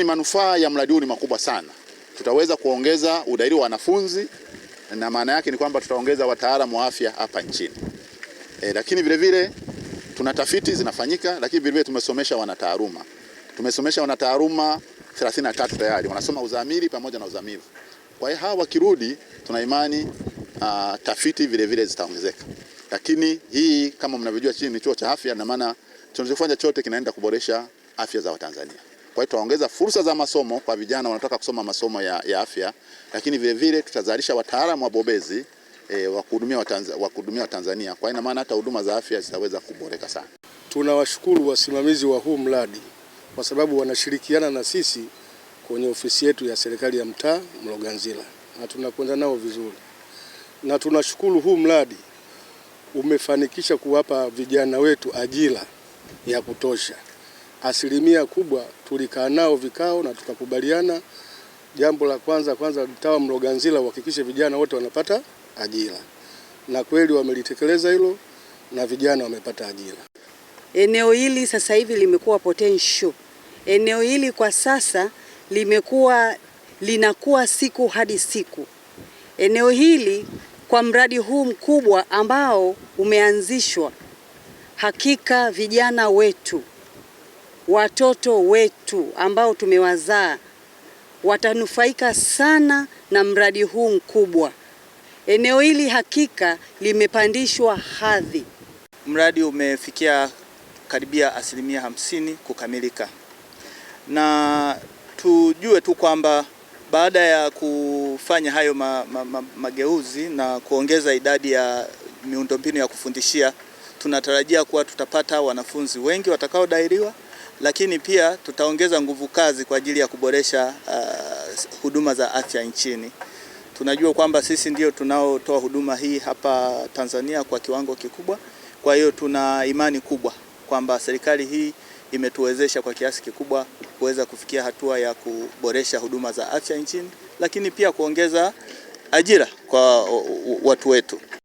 Ni Manufaa ya mradi huu ni makubwa sana. Tutaweza kuongeza udahili wa wanafunzi na maana yake ni kwamba tutaongeza wataalamu wa afya hapa nchini e, lakini vile vile tuna tafiti zinafanyika, lakini vile vile tumesomesha wanataaluma, tumesomesha wanataaluma 33 tayari wanasoma uzamili pamoja na uzamivu. Kwa hiyo hawa wakirudi, tuna imani uh, tafiti vile vile zitaongezeka, lakini hii kama mnavyojua chini ni chuo cha afya, na maana tunachofanya chote kinaenda kuboresha afya za Watanzania. Kwa hiyo tutaongeza fursa za masomo kwa vijana wanataka kusoma masomo ya, ya afya, lakini vilevile tutazalisha wataalamu wabobezi e, wa kuhudumia Watanzania. Kwa ina maana hata huduma za afya zitaweza kuboreka sana. Tunawashukuru wasimamizi wa huu mradi kwa sababu wanashirikiana na sisi kwenye ofisi yetu ya serikali ya mtaa Mloganzila na tunakwenda nao vizuri, na tunashukuru huu mradi umefanikisha kuwapa vijana wetu ajira ya kutosha asilimia kubwa tulikaa nao vikao na tukakubaliana, jambo la kwanza kwanza mloga Mloganzila uhakikishe vijana wote wanapata ajira, na kweli wamelitekeleza hilo na vijana wamepata ajira. Eneo hili sasa hivi limekuwa potential. Eneo hili kwa sasa limekuwa linakuwa siku hadi siku. Eneo hili kwa mradi huu mkubwa ambao umeanzishwa, hakika vijana wetu watoto wetu ambao tumewazaa watanufaika sana na mradi huu mkubwa. Eneo hili hakika limepandishwa hadhi. Mradi umefikia karibia asilimia hamsini kukamilika, na tujue tu kwamba baada ya kufanya hayo ma, ma, ma, mageuzi na kuongeza idadi ya miundombinu ya kufundishia, tunatarajia kuwa tutapata wanafunzi wengi watakaodairiwa lakini pia tutaongeza nguvu kazi kwa ajili ya kuboresha uh, huduma za afya nchini. Tunajua kwamba sisi ndio tunaotoa huduma hii hapa Tanzania kwa kiwango kikubwa. Kwa hiyo tuna imani kubwa kwamba serikali hii imetuwezesha kwa kiasi kikubwa kuweza kufikia hatua ya kuboresha huduma za afya nchini, lakini pia kuongeza ajira kwa uh, watu wetu.